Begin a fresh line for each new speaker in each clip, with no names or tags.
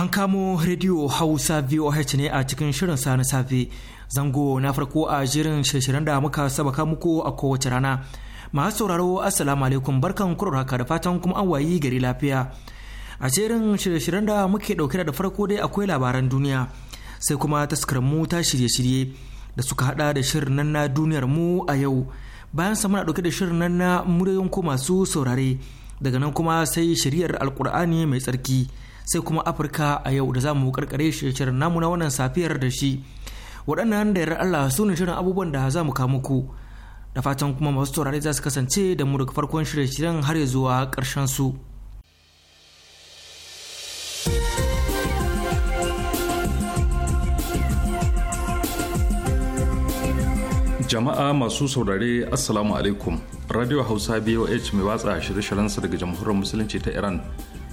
An kamo rediyo Hausa VOH ne a cikin shirin sa na safe. Zango na farko a jirin shirin da muka sabaka muku a kowace rana. Masu sauraro Assalamu alaikum barkan haka da fatan kuma an wayi gari lafiya. A jerin shirin da muke dauke da farko dai akwai labaran duniya sai kuma taskarar mu ta shirye-shirye da suka hada da shirin nan na duniyar mu a yau. Bayan sa muna dauke da shirin nan na muryoyin ku masu saurare daga nan kuma sai shiriyar Alkur'ani mai tsarki. sai kuma afirka a yau da za mu karkare shirin namu na wannan safiyar da shi waɗannan da yarar allah su ne shirin abubuwan da za mu kamu ku da fatan kuma masu taurari za su kasance da mu daga farkon shirye-shiryen har ya zuwa karshen su.
jama'a masu saurare assalamu alaikum radio hausa boh mai watsa shirye-shiryensa daga jamhuriyar musulunci ta iran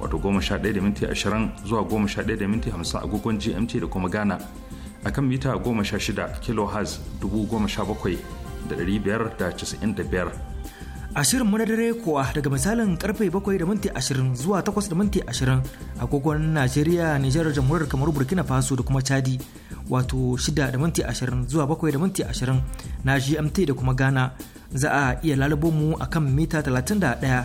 wato 11:20 zuwa 11:50 a agogon gmt da kuma ghana a kan mita 16 kilohertz 17,595
ashirin mu na kuwa daga misalin karfe 7 da minti 20 zuwa 8 da minti 20 agogon najeriya nijar jamhuriyar kamar burkina faso da kuma chadi wato 6 da minti 20 zuwa 7 da minti 20 na gmt da kuma ghana za a iya lalabo mu a kan mita 31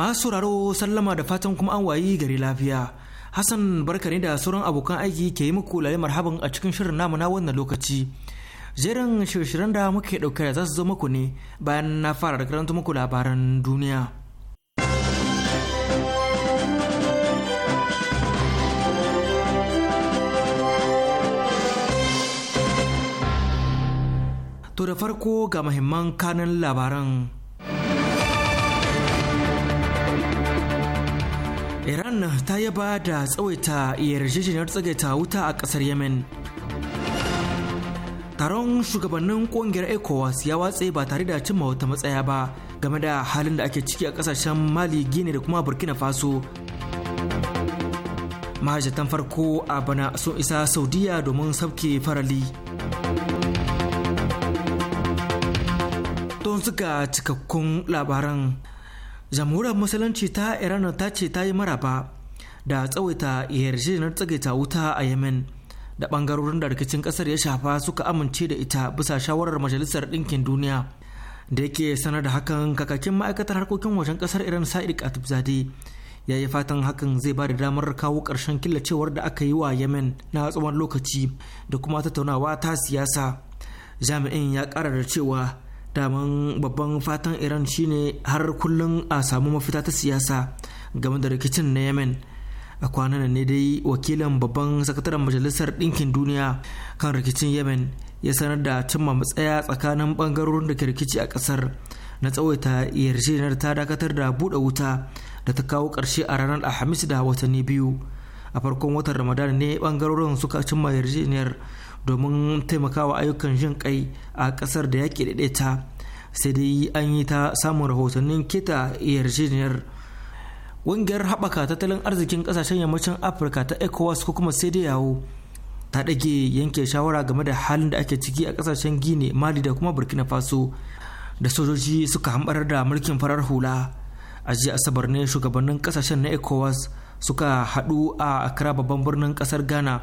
masu sauraro sallama da fatan kuma an wayi gari lafiya hassan barka ne da sauran abokan aiki ke yi muku lalle marhaban a cikin shirin namu na wannan lokaci jerin shirye-shiryen da muke dauke da za su zo muku ne bayan na fara da karanta muku labaran duniya To da farko ga mahimman kanan labaran iran ta yaba da tsawaita yarjejeniyar tsagaita wuta a kasar yemen taron shugabannin kungiyar ecowas ya watse ba tare da cimma wata matsaya ba game da halin da ake ciki a kasashen mali gini da kuma burkina faso mahajjatan farko a bana sun isa saudiya domin sauke farali don suka cikakkun labaran jamhuriyar musulunci ta iran ta ce ta yi maraba da tsawaita yarjejeniyar tsagaita wuta a yemen da bangarorin da rikicin kasar ya shafa suka amince da ita bisa shawarar majalisar ɗinkin duniya da yake sanar da hakan kakakin ma'aikatar harkokin wajen kasar iran sa'id katibzade ya yi fatan hakan zai ba da damar kawo ƙarshen killacewar da aka yi wa yemen na tsawon lokaci da kuma tattaunawa ta siyasa jami'in ya ƙara da cewa daman babban fatan iran shine har kullum a samu mafita ta siyasa game da rikicin na yemen a kwanan ne dai wakilin babban sakataren majalisar ɗinkin duniya kan rikicin yemen ya sanar da cimma matsaya tsakanin ɓangarorin da ke rikici a ƙasar na tsawaita yarjejeniyar ta dakatar da buɗe wuta da ta kawo ƙarshe a ranar alhamis da watanni biyu a farkon watan ramadan ne ɓangarorin suka cimma yarjejeniyar domin taimakawa ayyukan jin kai a kasar da yaƙi daidaita sai dai an yi ta samun rahotannin kita yarjejeniyar ƙungiyar haɓaka tattalin arzikin ƙasashen yammacin afirka ta ecowas ko kuma sai yawo ta ɗage yanke shawara game da halin da ake ciki a ƙasashen gini mali da kuma burkina faso da sojoji suka hambarar da mulkin farar hula a jiya asabar ne shugabannin ƙasashen na ecowas suka haɗu a akira babban birnin ƙasar Ghana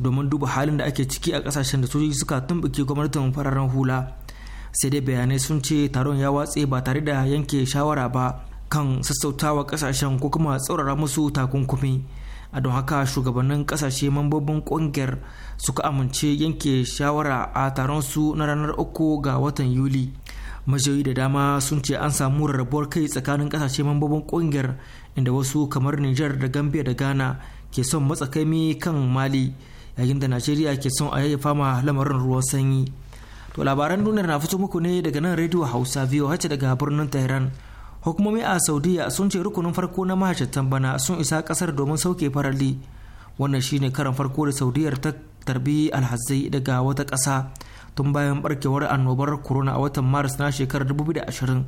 domin duba halin da ake ciki a kasashen da sojoji suka tumbuke gwamnatin fararen hula sai dai bayanai sun ce taron ya watse ba tare da yanke shawara ba kan sassautawa kasashen ko kuma tsaurara musu takunkumi a don haka shugabannin kasashe mambobin kungiyar suka amince yanke shawara a taron su na ranar uku ga watan yuli majiyoyi da dama sun ce an samu rarrabuwar kai tsakanin kasashe mambobin kungiyar inda wasu kamar niger da gambia da ghana ke son matsakaimi kan mali yayin da najeriya ke son a yayyafa fama lamarin ruwan sanyi to labaran duniyar na fito muku ne daga nan rediyo hausa hace daga birnin tehran hukumomi a saudiya sun ce rukunin farko na mahajjatan bana sun isa kasar domin sauke farali wannan shine karan farko da saudiyar ta tarbi alhazai daga wata kasa tun bayan barkewar annobar corona a watan maris na shekarar 2020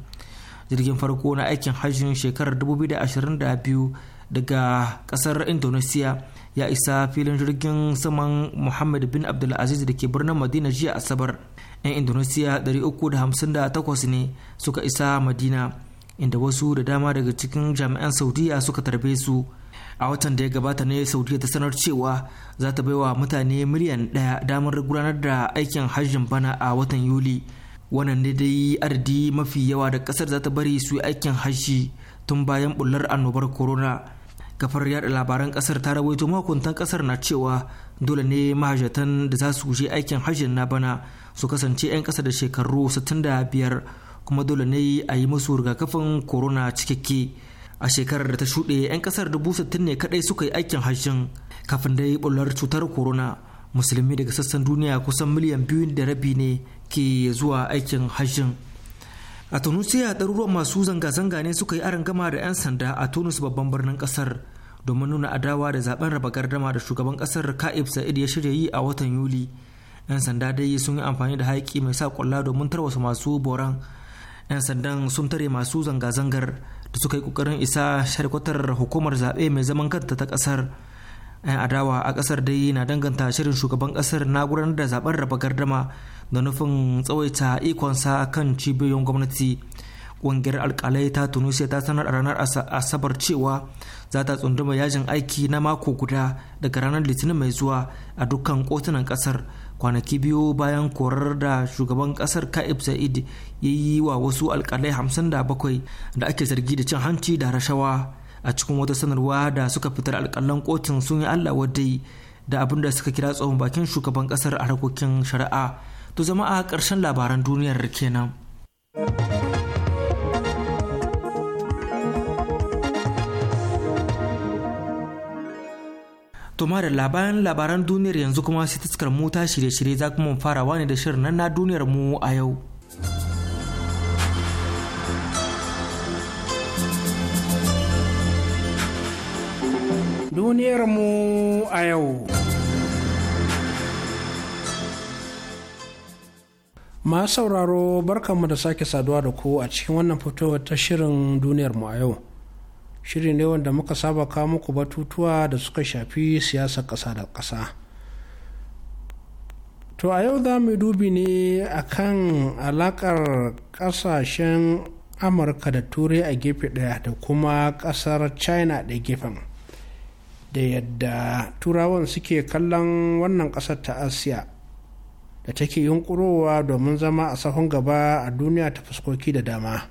jirgin farko na aikin hajjin shekarar 2022 daga kasar indonesia ya isa filin jirgin saman muhammad bin abdulaziz da ke birnin madina jiya asabar 'yan indonesia 358 ne suka isa madina inda wasu da dama daga cikin jami'an saudiya suka tarbe su a watan da ya gabata ne saudiya ta sanar cewa za ta baiwa mutane miliyan daya damar gudanar da aikin hajjin bana a watan yuli wannan ne dai adadi mafi yawa da kasar za ta bari su aikin hajji tun bayan bullar annobar corona kafar yada labaran kasar ta rawaito mahukuntan kasar na cewa dole ne mahajatan da za su je aikin hajjin na bana su kasance 'yan kasa da shekaru 65 kuma dole ne a yi musu rigakafin corona cikakke a shekarar da ta shuɗe 'yan kasar 60 ne kadai suka yi aikin hajjin kafin dai bular cutar corona musulmi daga sassan duniya kusan miliyan biyu da rabi ne ke zuwa aikin hajjin a tunisia ɗaruruwan masu zanga-zanga ne suka yi aron gama da 'yan sanda a tunis babban birnin ƙasar domin nuna adawa da zaben raba gardama da shugaban ƙasar ka'ib sa'id ya shirya yi a watan yuli 'yan sanda dai sun yi amfani da haƙi mai sa ƙwalla domin tarwasa masu boran 'yan sandan sun tare masu zanga-zangar da suka yi ƙoƙarin isa sharkwatar hukumar zaɓe mai zaman kanta ta ƙasar 'yan adawa a kasar dai na danganta shirin shugaban kasar na gudanar da zaben raba gardama da nufin tsawaita ikonsa kan cibiyoyin gwamnati ƙungiyar alkalai ta tunisia ta sanar a ranar asabar cewa za ta tsunduma yajin aiki na mako guda daga ranar litinin mai zuwa a dukkan kotunan kasar kwanaki biyu bayan korar da shugaban kasar ka'ib sa'id ya yi wa wasu alkalai 57 da ake zargi da cin hanci da rashawa a cikin wata sanarwa da suka fitar alkalan kotun sun yi allah wadai da abin da suka kira tsohon bakin shugaban kasar a harkokin shari'a to zama a ƙarshen labaran duniyar kenan to da labaran labaran duniyar yanzu kuma sai taskar mu ta shirye-shirye za kuma farawa ne da shirin nan na duniyar mu a yau duniyarmu
a yau. Ma sauraro barkanmu da sake saduwa da ku a cikin wannan fitowar ta shirin duniyarmu a yau. shirin ne wanda muka saba kawo muku batutuwa da suka shafi siyasar ƙasa da ƙasa. To a yau za mu dubi ne akan alaƙar ƙasashen Amurka da Turai a gefe ɗaya da kuma ƙasar China da gefen. da yadda turawan suke kallon wannan ƙasar ta asiya da take yunkurowa domin zama a sahun gaba a duniya ta fuskoki da dama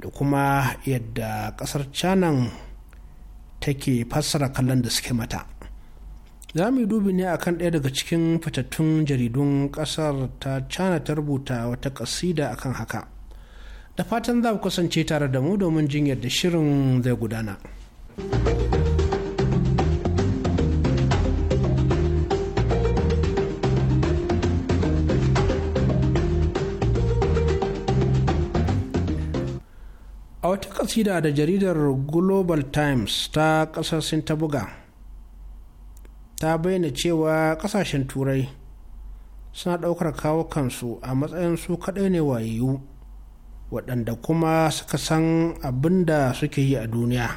da kuma yadda ƙasar canan take fassara kallon da suke mata za mu yi dubi ne akan ɗaya daga cikin fitattun jaridun ƙasar ta cana ta rubuta wata ƙasida kan haka da fatan za ku kasance tare da mu domin jin yadda shirin zai gudana. wata kasida da jaridar global times ta kasar ta buga ta bayyana cewa kasashen turai suna ɗaukar kawo kansu a matsayin su kaɗai ne wayeyu waɗanda kuma suka san abin da suke yi a duniya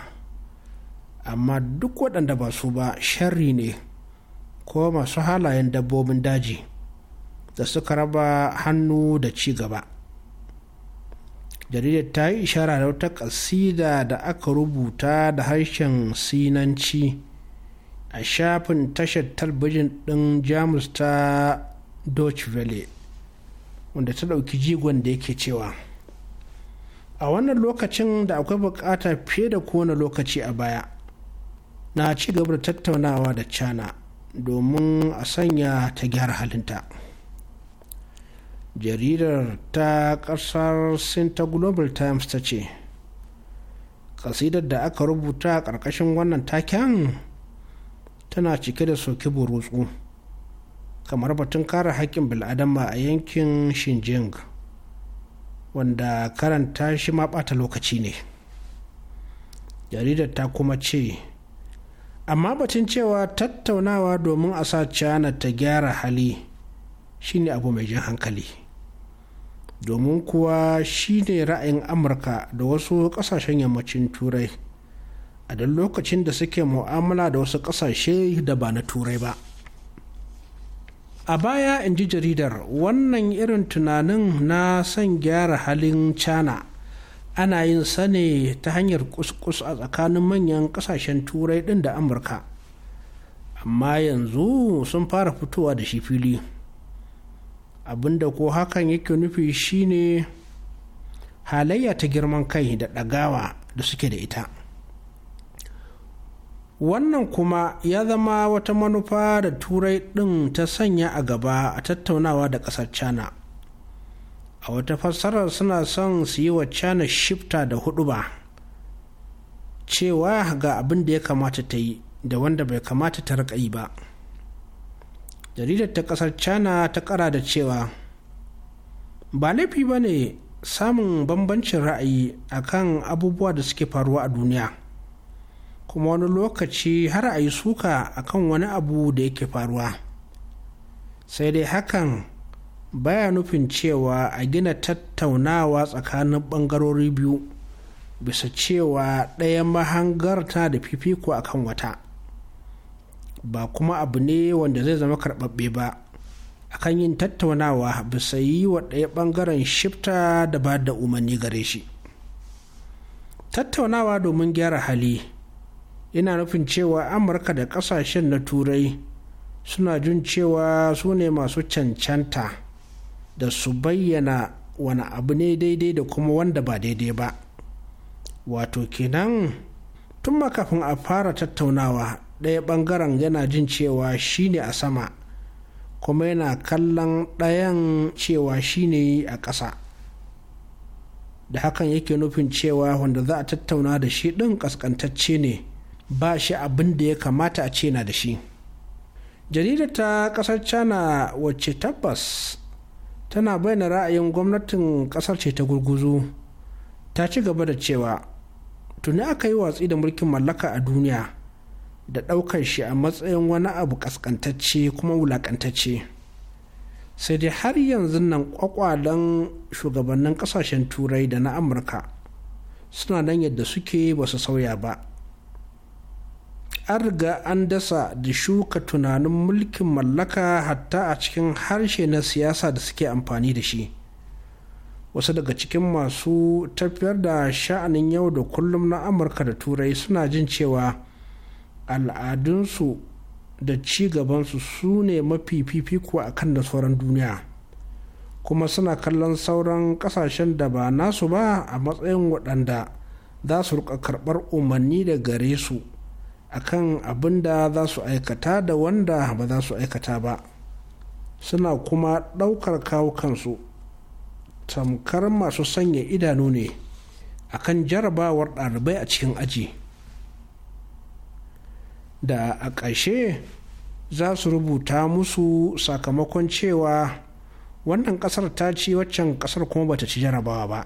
amma duk waɗanda ba su ba shari ne ko masu halayen dabbobin daji da suka raba hannu da ci gaba jaridar ta yi ishara da wata kasida da aka rubuta da harshen sinanci a shafin tashar talbijin ɗin jamus ta deutsche welle wanda ta ɗauki jigon da yake cewa a wannan lokacin da akwai bukata fiye da kowane lokaci a baya na ci gaba da tattaunawa da cana domin a sanya ta gyara halinta. jaridar ta kasar sin ta global times ta ce kasidar da aka rubuta a ƙarƙashin wannan taken tana cike da soki burutsu kamar batun kare haƙƙin bil'adama a yankin shinjing wanda karanta shi ma ɓata lokaci ne jaridar ta kuma ce amma batun cewa tattaunawa domin a sa cana ta gyara hali shine abu mai jan hankali domin kuwa shi ne ra'ayin amurka da wasu kasashen yammacin turai a duk lokacin da suke mu'amala da wasu kasashe da ba na turai ba a baya in ji jaridar wannan irin tunanin na son gyara halin china ana yin sane ta hanyar kuskus a tsakanin manyan kasashen turai din da amurka amma yanzu sun fara fitowa da shi fili. abinda ko hakan yake nufi shine halayya ta girman kai da ɗagawa da suke da ita wannan kuma ya zama wata manufa da turai ɗin ta sanya a gaba a tattaunawa da ƙasar Cana, a wata fassarar suna son su yi wa china shifta da hudu ba cewa ga abin da ya kamata ta yi da wanda bai kamata ta yi ba jaridar ta kasar china ta kara da cewa ba laifi ba ne samun bambancin ra'ayi akan abubuwa da suke faruwa a duniya kuma wani lokaci har a yi suka akan wani abu da yake faruwa sai dai hakan baya nufin cewa a gina tattaunawa tsakanin bangarori biyu bisa cewa ɗaya mahangarta da fifiko akan wata ba kuma abu ne wanda zai zama karɓaɓɓe ba akan yin tattaunawa bisa yi wa ɗaya ɓangaren shifta da ba da umarni gare shi tattaunawa domin gyara hali ina nufin cewa amurka da ƙasashen na turai suna jin cewa su ne masu cancanta da su bayyana wani abu ne daidai da kuma wanda ba daidai ba wato kenan tun kafin a fara tattaunawa ɗaya ɓangaren yana jin cewa shine a sama kuma yana kallon ɗayan cewa shine a ƙasa da hakan yake nufin cewa wanda za a tattauna da shi ɗin ƙasƙantacce ne ba shi abin da ya kamata a ce na da shi jaridar ta ƙasar china wacce tabbas tana bayyana ra'ayin gwamnatin ƙasar ce ta gurguzu ta ci gaba da cewa tuni aka yi watsi da mulkin mallaka a duniya da ɗaukar shi a matsayin wani abu ƙasƙantacce kuma wulaƙantacce sai dai har yanzu nan ƙwaƙwalen shugabannin ƙasashen turai da na amurka suna nan yadda suke ba su sauya ba an riga an dasa da shuka tunanin mulkin mallaka hatta a cikin harshe na siyasa da suke amfani da shi wasu daga cikin masu tafiyar da sha'anin yau da kullum na amurka da turai suna jin cewa al'adunsu da ci gabansu su ne mafi fifiko a kan da sauran duniya kuma suna kallon sauran kasashen da ba nasu ba a matsayin waɗanda za su rika karɓar umarni da gare su a kan abin da za su aikata da wanda ba za su aikata ba suna kuma ɗaukar kawo kansu tamkar masu sanya idanu ne akan jarabawar ɗalibai a cikin aji. da a ƙarshe za su rubuta musu sakamakon cewa wannan ƙasar ta ci waccan ƙasar kuma bata ci jarabawa ba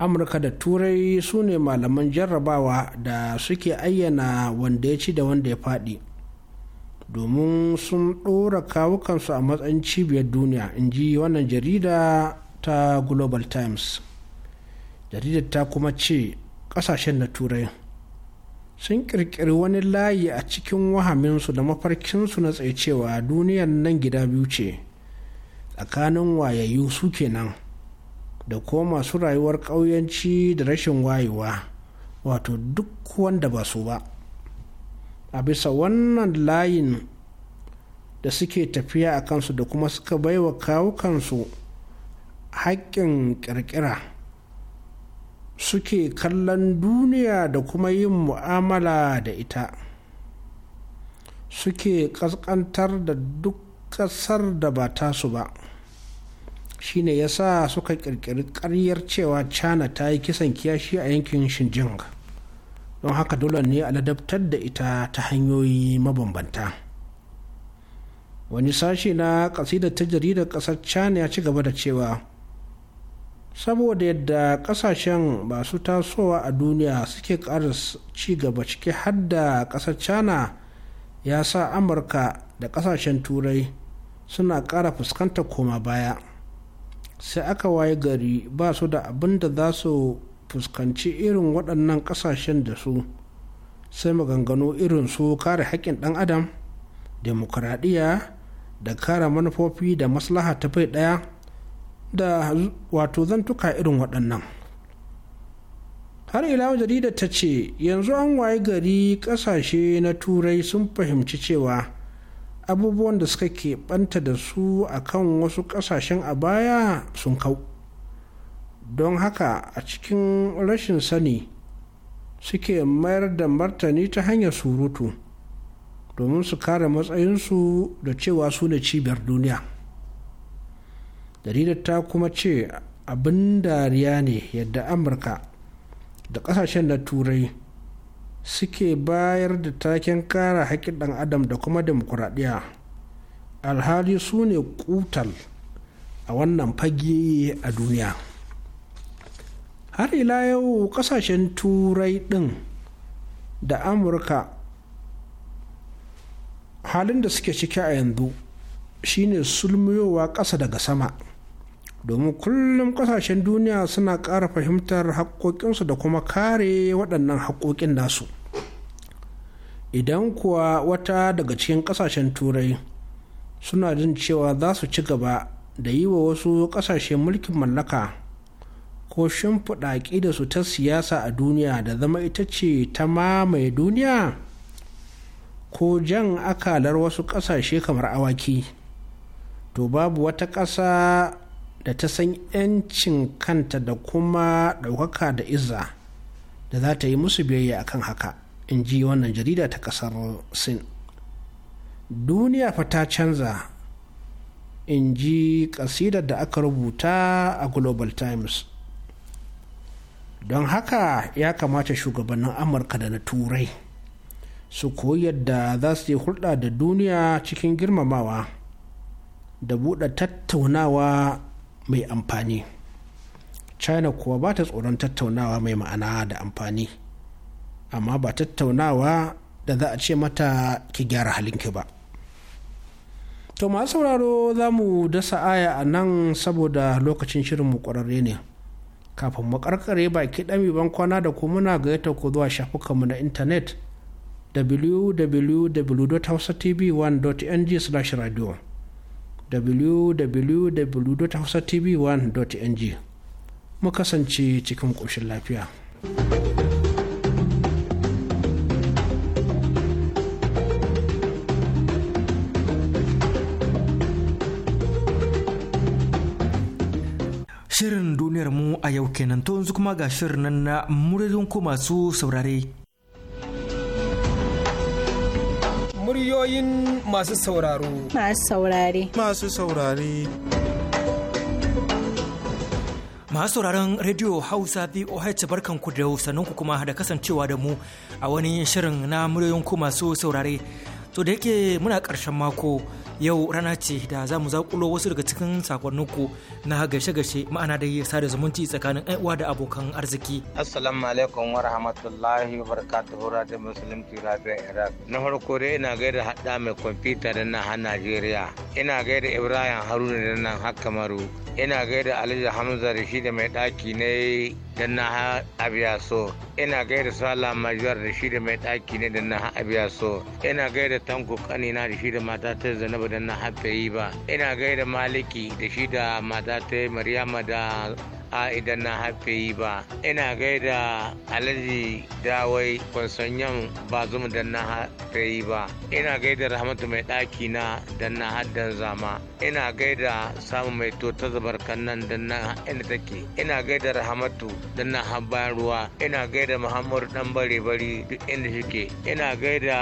amurka da turai su ne malaman jarrabawa da suke ayyana wanda ya ci da wanda ya faɗi domin sun ɗora kawukansu a matsayin cibiyar duniya in ji wannan jarida ta global times jaridar ta kuma ce ƙasashen na turai sun kirkiri wani layi a cikin wahaminsu da mafarkinsu na tsaye duniyar nan gida biyu ce tsakanin wayayyu su kenan da ko masu rayuwar ƙauyanci da rashin wayewa wato duk wanda ba su ba a bisa wannan layin da suke tafiya a kansu da kuma suka baiwa kawukansu haƙƙin ƙirƙira suke kallon duniya da kuma yin mu'amala da ita suke ƙasƙantar da duk ƙasar da ba tasu ba shine sa suka ƙirƙiri ƙaryar cewa china ta yi kisan kiyashi a yankin shinjing don haka dole ne a ladabtar da ita ta hanyoyi mabambanta wani sashi na ƙasidar ta jaridar ƙasar china ya ci gaba da cewa saboda yadda kasashen masu tasowa a duniya suke ƙara ci gaba ciki har da ƙasar china ya sa amurka da kasashen turai suna ƙara fuskanta koma baya sai aka waye gari ba su da abin da za su fuskanci irin waɗannan ƙasashen da su sai maganganu irin su kare haƙƙin ɗan adam demokuraɗiyya da kare manufofi da maslaha ta bai ɗaya da wato zan zantuka irin waɗannan har ila jarida ta ce yanzu an waye gari ƙasashe na turai sun fahimci cewa abubuwan da suka keɓanta da su akan wasu ƙasashen a baya sun kau don haka a cikin rashin sani suke mayar da martani ta hanyar surutu domin su kare matsayinsu da cewa su ne cibiyar duniya jaridar ta kuma ce abin dariya ne yadda amurka da kasashen na turai suke bayar da taken kara haƙƙin ɗan adam da kuma demokuraɗiyya alhali su ne kutal a wannan fage a duniya har ila yau kasashen turai ɗin da amurka halin da suke ciki a yanzu shine sulmiyowa ƙasa daga sama domin kullum kasashen duniya suna ƙara fahimtar haƙoƙinsu da kuma kare waɗannan haƙoƙin nasu idan kuwa wata daga cikin ƙasashen turai suna jin cewa za su ci gaba da yi wa wasu kasashe mulkin mallaka ko shimfiɗa da su ta siyasa a duniya da zama ita ce ta mamaye duniya ko jan akalar wasu ƙasashe kamar awaki to babu wata ƙasa da ta san 'yancin kanta da kuma ɗaukaka da izza da za ta yi musu biyayya a kan haka in ji wannan jarida ta ƙasar sin duniya fa ta canza in ji ƙasidar da aka rubuta a global times don haka ya kamata shugabannin amurka da na turai su koyi yadda za su yi hulɗa da duniya cikin girmamawa da buɗe tattaunawa mai amfani china kuwa ba ta tsoron tattaunawa mai ma'ana da amfani amma ba tattaunawa da za a ce mata ki gyara halinki ba to masu sauraro za mu dasa aya a nan saboda lokacin shirinmu ƙwararre ne kafin mu karkare baki ɗami ban kwana da ku muna gayyata ku zuwa shafukanmu na intanet www.hausatv1.ng/radio www.hausatv1.ng mu kasance cikin ƙoshin lafiya.
Shirin duniyar mu a yau kenan to yanzu kuma ga shirin nan na muridun ko masu saurare. Muryoyin masu sauraro.
Masu saurare. Masu
saurare. Masu sauraron Radio Hausa VOH barkanku da ku kuma da kasancewa da mu a wani shirin na muryoyin ku masu saurare. To da yake muna ƙarshen mako yau rana ce da za mu zakulo wasu daga cikin sakonninku na gashe-gashe ma'ana da yi sada zumunci tsakanin uwa da abokan arziki.
Assalamu alaikum wa rahmatullahi wa barakatuhu da muslim turabiya Iraq. Na farko dai ina gaida hada mai kwamfuta da na har Najeriya. Ina gaida Ibrahim Haruna da nan har Kamaru. Ina gaida Alhaji Hamza da shi da mai ɗaki ne da na abiya so ina gaida sala majiyar da shi da mai ɗaki ne da na abiya so ina gaida tanko kanina da shi da mata ta zanaba da na haɓe yi ba ina gaida maliki da shi da mata ta maryama da idan na haife yi ba ina gaida alhaji dawai kwansanyan ba zumu dan na haife yi ba ina gaida rahmatu mai ɗaki na dan na haddan zama ina gaida samu mai to ta zabarkan nan dan na inda take ina gaida rahmatu dan na habban ruwa ina gaida muhammadu dan bare bari duk inda shike ina gaida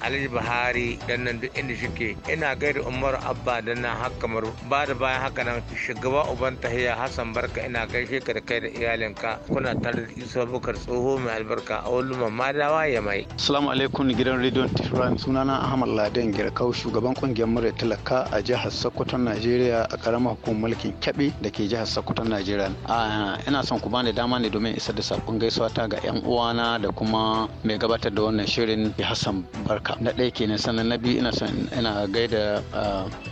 alhaji buhari dan nan duk inda shike ina gaida umaru abba dan na maru. ba da bayan haka nan shugaba uban tahiya hassan barka ina gaishe ka da kai da iyalinka kuna tare da Isa Bukar tsoho mai albarka a wani Madawa ya mai. Assalamu alaikum gidan rediyon
Tehran sunana Ahmad Laden Girkau shugaban kungiyar murya talaka a jihar Sokoto Najeriya a karamar hukumar mulkin Kebbi da ke jihar Sokoto Najeriya. ina son ku bani dama ne domin isa da sakon gaisuwa ta ga yan uwana da kuma mai gabatar da wannan shirin Hassan Barka. Na ɗaya kenan sannan na biyu ina son ina gaida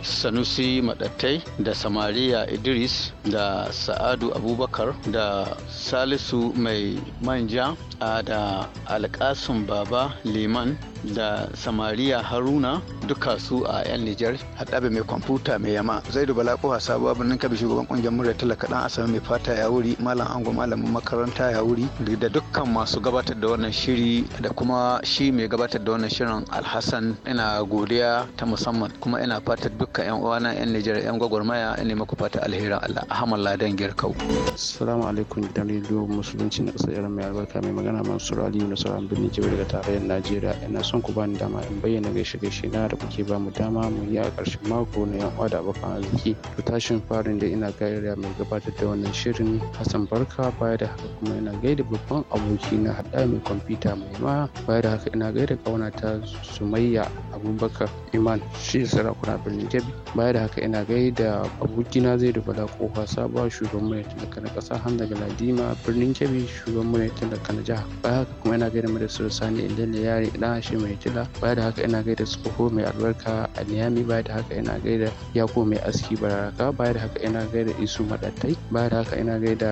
Sanusi Madattai da Samariya Idris da Sa'adu abubakar da salisu mai manja da alkasun baba liman da samariya haruna duka su a yan nijar haɗabe mai kwamfuta mai yama zaidu bala kofa sabuwa birnin kabi shugaban kungiyar murya talaka dan asami mai fata ya wuri malam ango malamin makaranta ya wuri da dukkan masu gabatar da wannan shiri da kuma shi mai gabatar da wannan shirin alhassan ina godiya ta musamman kuma ina fatar dukkan yan uwana yan nijar yan gwagwarmaya ina maku fata alherin allah ahmad ladan girkau
Salamu alaikum dan rediyo musulunci na ƙasar iran mai albarka mai magana mansur aliyu na sauran birnin jihar daga tarayyar najeriya ina son ku bani dama in bayyana gaishe gaishe na da kuke ba mu dama mu yi a ƙarshen mako na yan uwa da abokan arziki to tashin farin da ina gaira mai gabatar da wannan shirin hassan barka baya da haka kuma ina gaida babban aboki na haɗa mai kwamfuta mai ma baya da haka ina gaida ƙauna ta sumayya abubakar iman shi sarakuna birnin kebbi baya da haka ina gaida abokina zai bala kofa sabuwa shugaban mai talaka na ƙasa hamza galadima birnin kebbi shugaban mai talaka na jiha baya haka kuma ina gaida madasar sani da yare ɗan hashim mai jila baya da haka ina gaida tsoho mai albarka a niyami baya da haka ina gaida yako mai aski bararaka baya da haka ina gaida isu madattai baya da haka ina gaida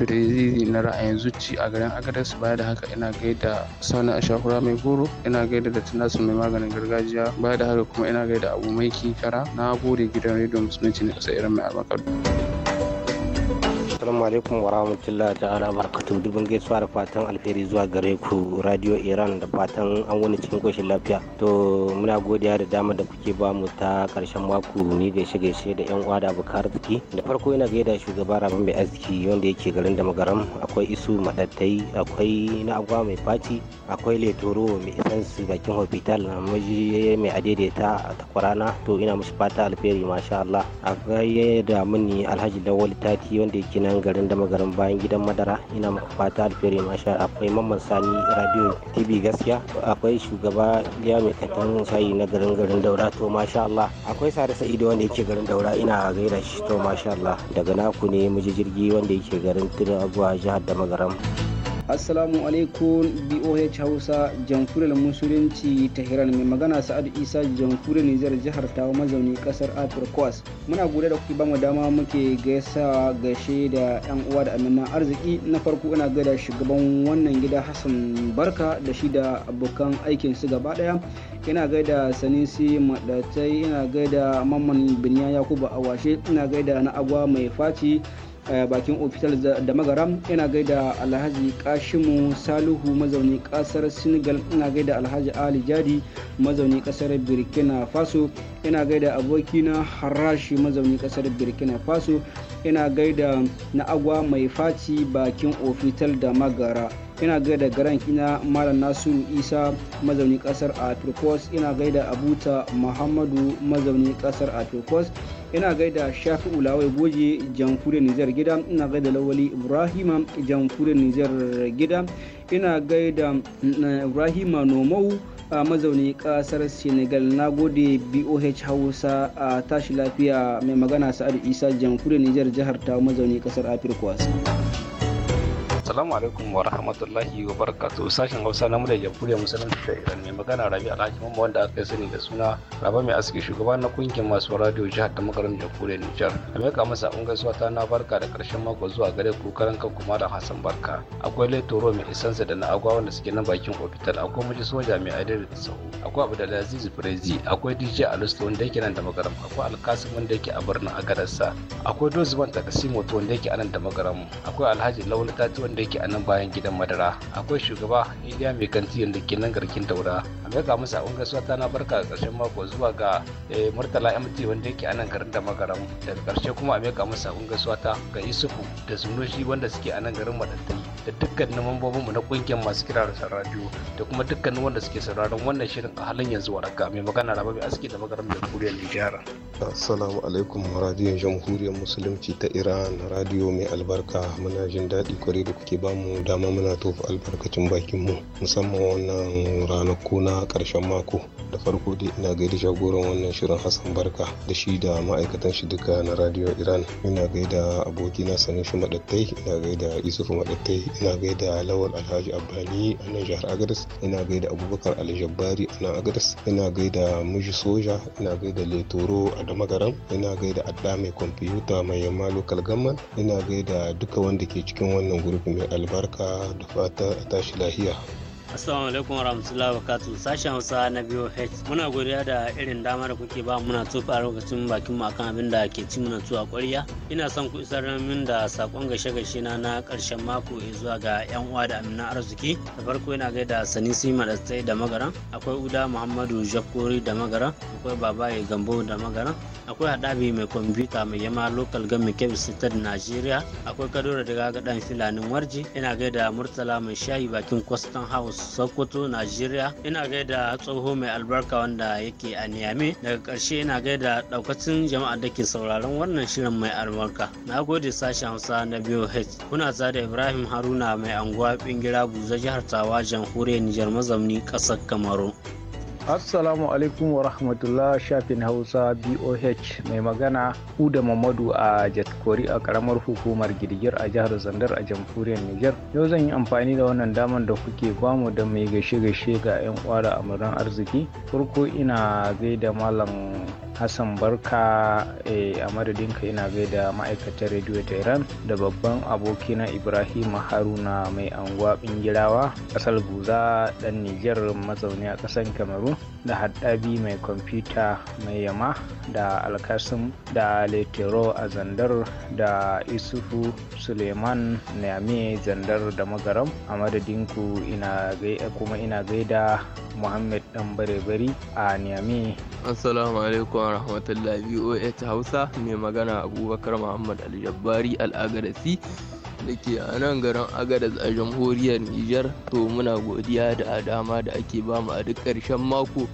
firizizi na ra'ayin zuci a garin agadas baya da haka ina gaida sani a shahura mai goro ina gaida da tunasu mai maganin gargajiya baya da haka kuma ina gaida abu mai kara na gode gidan rediyo musulunci na ƙasa irin mai albarkar Assalamu alaikum wa rahmatullahi ta'ala barkatu
mun gaisuwa da fatan alheri zuwa gare ku Radio Iran da fatan an wani cikin koshin lafiya. To muna godiya da dama da kuke ba mu ta karshen mako ni gaishe gaishe da yan uwa da abokan arziki. Da farko ina gaida shugaba Rabin Mai Aski wanda yake garin da magaram akwai Isu Madattai akwai na agwa mai faci akwai Letoro mai isan su bakin hospital na maji mai adaidaita a takwarana to ina musu fata alheri masha Allah. Akwai da mini Alhaji Lawal Tati wanda yake nan garin da garin bayan gidan madara ina muku fata alferi masha akwai mamman sani radio tv gaskiya akwai shugaba ya mai katon shayi na garin garin daura to masha Allah akwai sare sa'ido wanda yake garin daura ina gaida shi to masha Allah daga naku ne muji jirgi wanda yake garin abuwa jihar da garin. assalamu alaikum boh hausa jamhuriyar musulunci tehran mai magana sa'adu isa jamhuriyar nijar jihar ta mazauni kasar afirkwas muna gode da kuke bamu dama muke gaisawa gaishe da yan uwa da amina arziki na farko ina gaida shugaban wannan gida hassan barka da shi da abokan aikin su gaba daya ina gaida sanisi madatai ina gaida mamman biniya yakubu awashe ina gaida na agwa mai faci Eh, bakin ofital da magara ina gaida alhaji kashimu saluhu mazauni kasar senegal ina gaida alhaji ali jadi mazauni kasar burkina faso ina gaida abokina harashi mazauni kasar Birkina faso ina gaida na agwa mai faci bakin ofital da magara ina gaida garan kina malam nasiru isa mazauni kasar afirkos ina gaida abuta muhammadu mazauni kasar afirkos ina gaida shafi ulawai goje jamhuriyar nijar gida ina gaida lawali ibrahima jamhuriyar nijar gida ina gaida eh, ibrahim nomau a mazauni kasar senegal na gode boh hausa a tashi lafiya mai magana sa'adu isa jamhuriyar nijar jihar ta mazauni kasar afirka Assalamu alaikum wa rahmatullahi wa barakatuh. Sashen Hausa na muryar Jamhuriyar Musulunci ta Iran mai magana Rabi Alhaji Mamman wanda aka sani da suna Raba mai aski shugaba na kungiyar masu radio jihar da makarin Jamhuriyar Nijar. A mai kama sakon gaisuwa ta na barka da karshen mako zuwa gare ku karan kan kuma da Hassan Barka. Akwai laitoro mai isansa da na agwa wanda suke nan bakin ofital. Akwai muji soja mai adiri da sahu. Akwai Abdulaziz Brezi. Akwai DJ Alusto wanda yake nan da magaram. Akwai Alkasim wanda yake a birnin Akwai Dozman Takasimoto wanda yake a nan da magaram. Akwai Alhaji Laula Tati wanda yake a nan bayan gidan madara akwai shugaba iliya mai kanti yadda ke nan garkin daura a mai musu sakon gaisuwa ta na barka a ƙarshen mako zuwa ga eh, murtala mt wanda yake anan garin da magaram daga ƙarshe kuma a mai musu sakon ta ga isufu da zunoshi wanda suke anan garin madattai da dukkanin mambobin mu na kungiyar masu kira da radio da kuma dukkanin wanda suke sauraron wannan shirin a halin yanzu wa raka mai magana da mai aski da magaram da kuriyar nijar
assalamu alaikum radiyon jamhuriyar musulunci ta iran radio mai albarka muna jin daɗi kwarai da kuke bamu dama muna tofa albarkacin bakin mu musamman wannan ranakuna a ƙarshen mako da farko dai ina gaida jagoran wannan shirin hassan barka da shi da ma'aikatan shi duka na radio iran ina gaida abokina shi madattai ina gaida isufu madattai ina gaida lawal alhaji abbani a nan jihar agadas ina gaida abubakar aljabbari a nan agadas ina gaida miji soja ina gaida letoro a damagaram ina gaida adda mai kwamfuta mai yamma lokal gamman ina gaida duka wanda ke cikin wannan gurbi mai albarka da fata a tashi lahiya
Assalamu alaikum wa rahmatullahi wa barakatuh. Sashen Hausa na BOH. Muna godiya da irin dama da kuke ba muna tofa a lokacin bakin mu akan abin da ke ci muna tuwa ƙwarya. Ina son ku isar min da sakon gashe gashe na na ƙarshen mako ya zuwa ga yan uwa da amina arziki. Da farko ina gaida Sanisi Madatsai da Magaran, akwai Uda Muhammadu Jakori da Magaran, akwai Babaye Gambo da Magaran, akwai Hadabi mai kwamfuta mai yama local government kebi sitar Najeriya. akwai Kaduna daga gadan Filanin Warji, ina gaida Murtala mai shayi bakin Kwastan House sokoto najeriya ina gaida tsoho mai albarka wanda yake a niyame daga ƙarshe ina gaida ɗaukacin jama'a da ke sauraron wannan shirin mai albarka na gode sashen hausa na biyu kuna da ibrahim haruna mai anguwa bingira buza jihar tawa jamhuriyar nijar mazamni ƙasar kamaru
Assalamu alaikum wa rahmatullah shafin Hausa BOH mai magana Uda
Mamadu a Jatkori a karamar hukumar Girgir a jihar Zandar a jamhuriyar niger Yau zan yi amfani da wannan damar da kuke bamu da mai gaishe-gaishe ga 'yan uwa da amuran arziki. Farko ina gaida malam hassan barka eh, a madadinka ina gaida ma'aikatar rediyo ta iran da babban abokina ibrahim haruna mai anguwa bingirawa kasar guza dan nijar mazauni a kasan kamaru da haddabi mai kwamfuta mai yama da alkasim da letero a zandar da isufu suleiman name zandar da magaram a madadinku ina kuma ina gaida Muhammad Dan Barebari a Niamey.
Assalamu alaikum wa rahmatullahi BOH Hausa mai magana Abubakar Muhammad al Agadasi da ke a nan garin agadas a jamhuriyar Nijar to muna godiya da dama da ake bamu a duk ƙarshen mako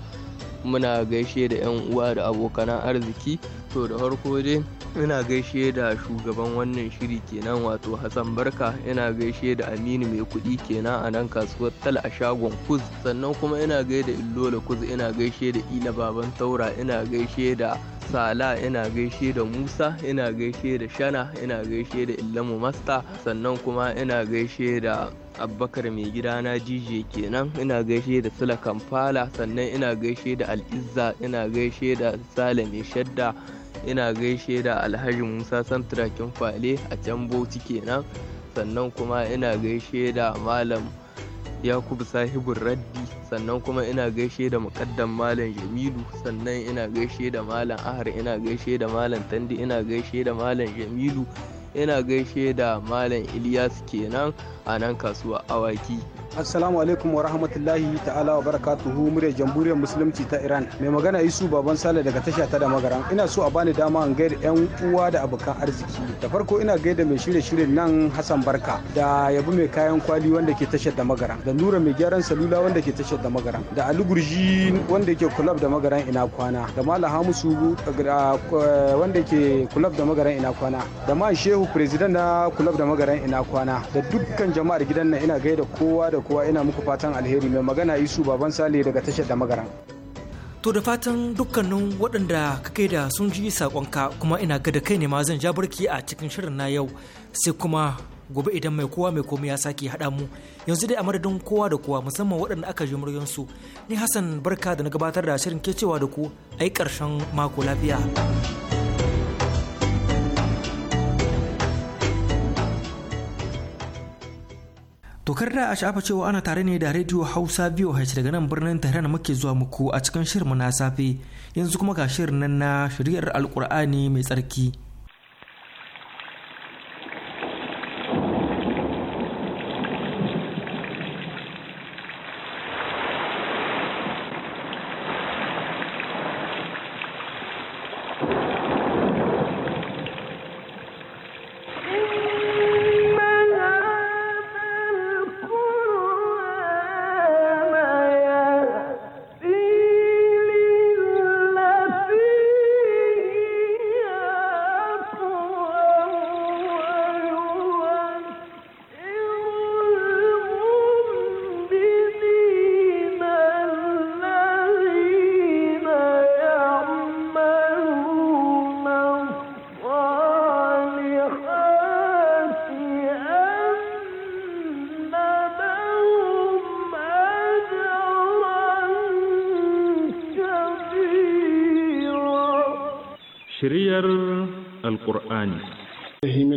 muna gaishe da 'yan uwa da abokan arziki to da farko dai ina gaishe da shugaban wannan shiri kenan wato hassan barka ina gaishe da aminu mai kuɗi kenan a nan kasuwar tal a shagon kuz sannan kuma ina gaida illola kuz ina gaishe da ila baban taura ina gaishe da sala ina gaishe da musa ina gaishe da shana ina gaishe da illamu masta sannan kuma ina gaishe da abbakar mai gidana jije kenan ina gaishe da sula kamfala sannan ina gaishe da al'izza ina gaishe da sale mai shadda ina gaishe da alhaji musa santrakin fale a can bauchi kenan sannan kuma ina gaishe da malam yakubu sahibin raddi sannan kuma ina gaishe da mukaddam malam jamilu sannan ina gaishe da malam ahar ina gaishe da malam tandi ina gaishe da malam jamilu ina gaishe da malam ilyas kenan a nan kasuwa awaki
assalamu alaikum wa rahmatullahi ta'ala wa barakatuhu murya jamhuriyar musulunci ta iran mai magana isu baban sale daga tasha ta da magaran ina so a bani dama in gaida yan uwa da abokan arziki da farko ina gaida mai shirye shirin nan hassan barka da yabi mai kayan kwali wanda ke tasha da magaran da nura mai gyaran salula wanda ke tasha da magaran da ali gurji wanda ke kulab da magaran ina kwana da malam hamusu eh, wanda ke kulab da magaran ina kwana da man shehu president na kulab da magaran ina kwana da dukkan jama'ar gidan nan ina gaida kowa da kowa ina muku fatan alheri mai magana yi su Baban Sale daga tashar da magaran.
To da fatan dukkanin waɗanda ka kai da sun ji saƙonka kuma ina ga da kai ne ma zan ja barki a cikin shirin na yau sai kuma gobe idan mai kowa mai komai ya sake haɗa mu yanzu dai a madadin kowa da kowa musamman waɗanda aka ji muryansu ni Hassan barka da na gabatar da shirin ke cewa da ku yi ƙarshen mako lafiya. tokar da a sha'afa cewa ana tare ne da rediyo hausa VOH daga nan birnin tehran muke zuwa muku a cikin shirin na safe yanzu kuma ga shirin nan na shiriyar alkur'ani mai tsarki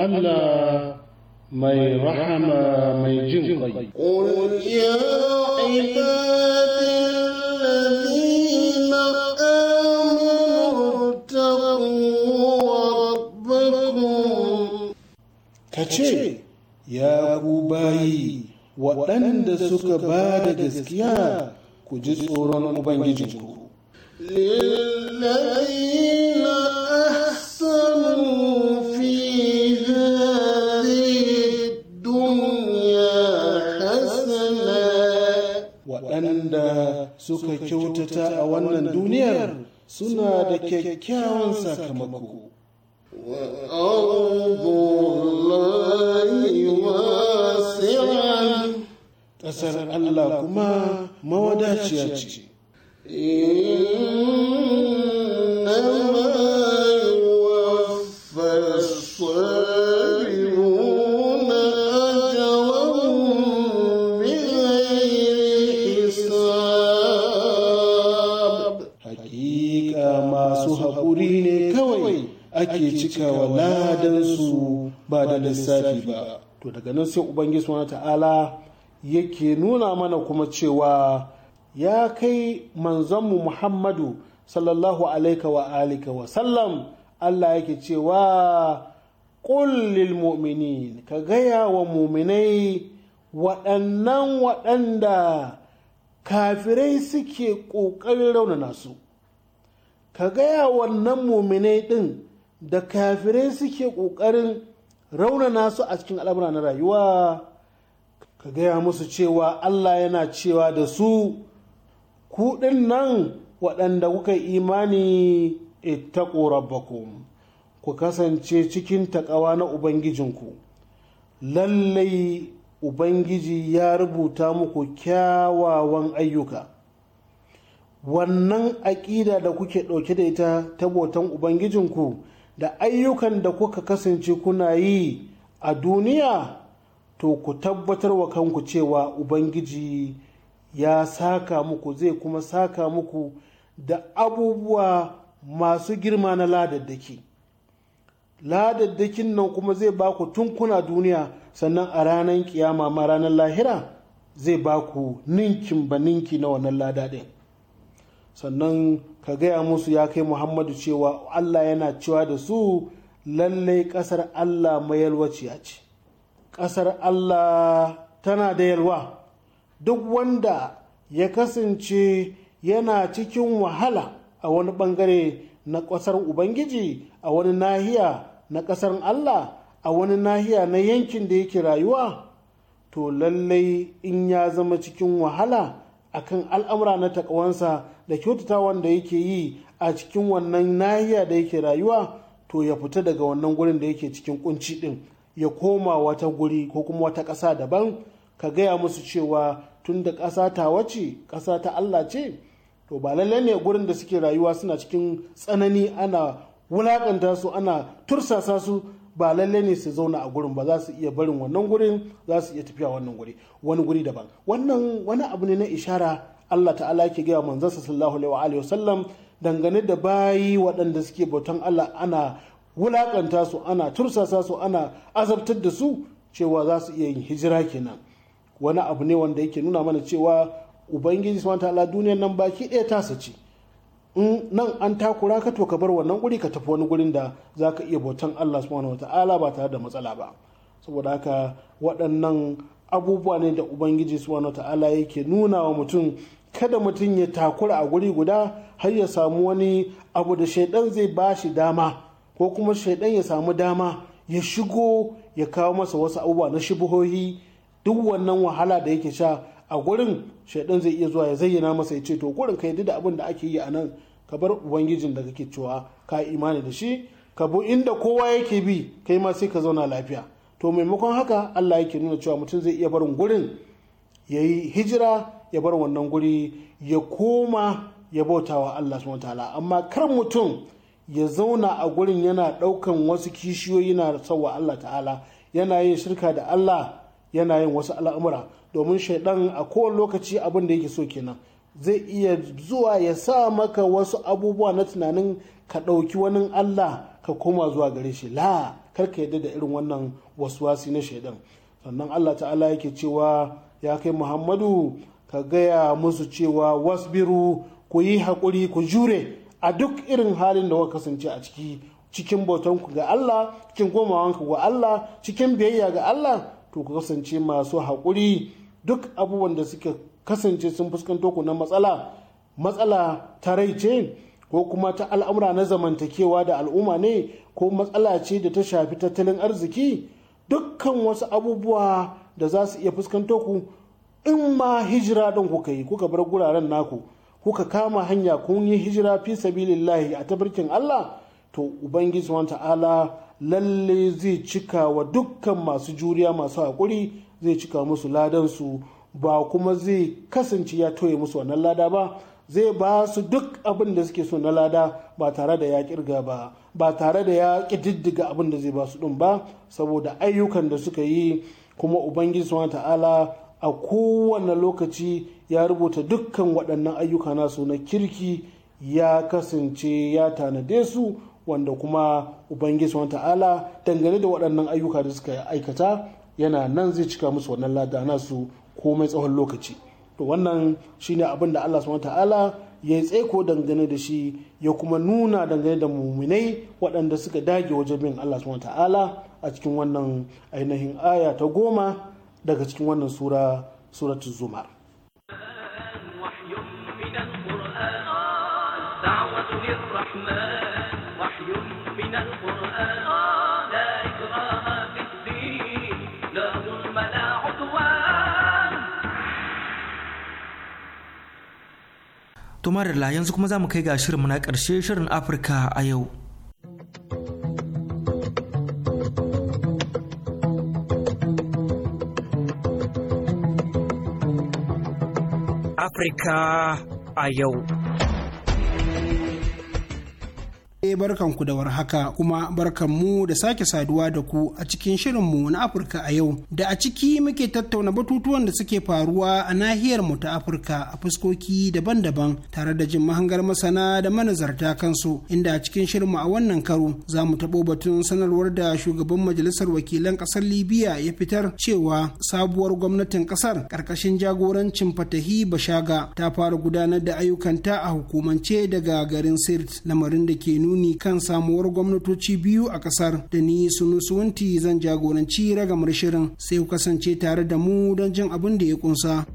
ألا من رحم من جن قل
يا عبادي الذين آمنوا ارتقوا وربكم
كتشي يا أبوبي وأند سك بعد جسكيا كجزء رن أبنجي جنكو للذي waɗanda suka kyautata a wannan duniyar suna da kyakkyawan sakamako ƙasar Allah kuma mawadaciya ce. cikawa ladansu ba da lissafi ba to daga nan sai ubangiji wa ta'ala yake nuna mana kuma cewa ya kai manzanmu muhammadu sallallahu alaika wa alika wa sallam allah yake cewa ƙullil mu'minin ka gaya wa muminai waɗannan waɗanda kafirai suke ƙoƙarin raunana su ka gaya wannan muminai ɗin da kafirai suke ƙoƙarin raunana su a cikin al'amura na rayuwa ka gaya musu cewa Allah yana cewa da su kuɗin nan waɗanda kuka imani ittaqu rabbakum ku kasance cikin taƙawa na ubangijinku lallai ubangiji ya rubuta muku kyawawan ayyuka wannan aƙida da kuke ɗauke da ita ta botan ubangijinku da ayyukan da kuka kasance kuna yi a duniya to ku tabbatar wa kanku cewa ubangiji ya saka muku zai kuma saka muku da abubuwa masu girma na ladaddaki ladaddakin nan kuma zai ba ku tun kuna duniya sannan a ranar kiyama ma ranar lahira zai ba ku ninkin ba ninki na wannan lada ɗin sannan ka gaya musu ya kai muhammadu cewa allah yana cewa da su lallai ƙasar allah mayalwaciya ce ƙasar allah tana da yalwa duk wanda ya kasance yana cikin wahala a wani bangare na ƙasar ubangiji a wani nahiya na ƙasar allah a wani nahiya na yankin da yake rayuwa to lallai in ya zama cikin wahala akan al'amura na takawansa da kyautata wanda yake yi a cikin wannan nahiya da yake rayuwa to ya fita daga wannan gurin da yake cikin kunci din ya koma wata guri ko kuma wata ƙasa daban ka gaya musu cewa tun da ƙasa ta wace ƙasa ta Allah ce to ba lalle ne gurin da suke rayuwa suna cikin tsanani ana wulakanta su ana tursasa su ba lalle ne su zauna a gurin ba za su iya barin wannan gurin za su iya tafiya wannan guri wani guri daban wannan wani abu ne na ishara Allah ta'ala yake gaya manzansa sallallahu alaihi wa sallam dangane da bayi waɗanda suke bautan Allah ana wulakanta su ana tursasa su ana azabtar da su cewa za su iya yin hijira kenan wani abu ne wanda yake nuna mana cewa ubangiji subhanahu ta'ala duniyar nan baki ɗaya tasa ce in nan an takura ka to ka bar wannan guri ka tafi wani gurin da zaka iya bautan Allah subhanahu ta'ala ba tare da matsala ba saboda haka waɗannan abubuwa ne da ubangiji subhanahu ta'ala yake nuna wa mutum kada mutum ya takura a guri guda har ya samu wani abu da shaidan zai ba shi dama ko kuma shaidan ya samu dama ya shigo ya kawo masa wasu abubuwa na shibuhohi duk wannan wahala da yake sha a gurin shaidan zai iya zuwa ya zayyana masa ya ce to gurin ka yadda da abin da ake yi a nan ka bar ubangijin da kake cewa ka imani da shi ka bu inda kowa yake bi kai ma sai ka zauna lafiya to maimakon haka Allah yake nuna cewa mutum zai iya barin gurin ya yi hijira ya bar wannan guri ya koma ya bauta wa Allah subhanahu ta'ala amma kar mutum ya zauna a gurin yana daukan wasu kishiyoyi na sauwa Allah ta'ala yana yin shirka da Allah yana yin wasu al'amura domin shaidan a kowane lokaci abin da yake so kenan zai iya zuwa ya sa maka wasu abubuwa na tunanin ka ɗauki wani Allah ka koma zuwa gare shi la kar ka yadda da irin wannan wasuwasi na shaidan sannan Allah ta'ala yake cewa ya kai Muhammadu ka gaya musu cewa wasbiru ku yi haƙuri ku jure a duk irin halin da kuka kasance a ciki cikin bautanku ga Allah cikin komawanku ga Allah cikin biyayya ga Allah to ku kasance masu haƙuri duk abubuwan da suka kasance sun fuskanto ku na matsala matsala ta rai ce ko kuma ta al'amura na zamantakewa da al'umma ne ko matsala ce da ta shafi tattalin arziki dukkan wasu abubuwa da za su iya fuskanto ku in ma hijira ɗin kuka yi kuka bar guraren naku kuka kama hanya kun yi hijira fi sabilillahi a tabarkin Allah to ubangiji wa ta'ala lalle zai cika wa dukkan masu juriya masu haƙuri zai cika musu su. ba kuma zai kasance ya toye musu wannan lada ba zai ba su duk abin da suke so na lada ba tare da ya kirga ba ba tare da ya ƙididdiga abin da zai ba su ɗin ba saboda ayyukan da suka yi kuma ubangiji wa ta'ala a kowane lokaci ya rubuta dukkan waɗannan ayyuka nasu na kirki ya kasance ya tanade su wanda kuma ubangiji wa ta'ala dangane da waɗannan ayyuka da suka aikata yana nan zai cika musu wannan lada nasu komai tsawon lokaci to wannan shine abin da Allah subhanahu ta'ala ya yi tseko dangane da shi ya kuma nuna dangane da muminai waɗanda suka dage wajen bin Allah subhanahu ta'ala a cikin wannan ainihin aya ta goma daga cikin wannan sura suratul zumar
Tumarila yanzu kuma za mu kai ga shirin na ƙarshe shirin Afirka a yau.
Afirka
a yau.
barkanku da warhaka kuma barkanmu da sake saduwa da ku a cikin shirinmu na Afirka a yau da a ciki muke tattauna batutuwan da suke faruwa a nahiyar mu ta Afirka a fuskoki daban-daban tare da jin mahangar masana da manazarta kansu inda a cikin shirinmu a wannan karo za mu taɓo batun sanarwar da shugaban majalisar wakilan ƙasar Libya ya fitar cewa sabuwar gwamnatin ƙasar ƙarƙashin jagorancin Fatahi Bashaga ta fara gudanar da ayyukanta a hukumance daga garin Sirt lamarin da ke nuna. ni kan samuwar gwamnatoci biyu a kasar da ni suwanti zan jagoranci ragamar shirin sai ku kasance tare da mu don jin abin da ya kunsa.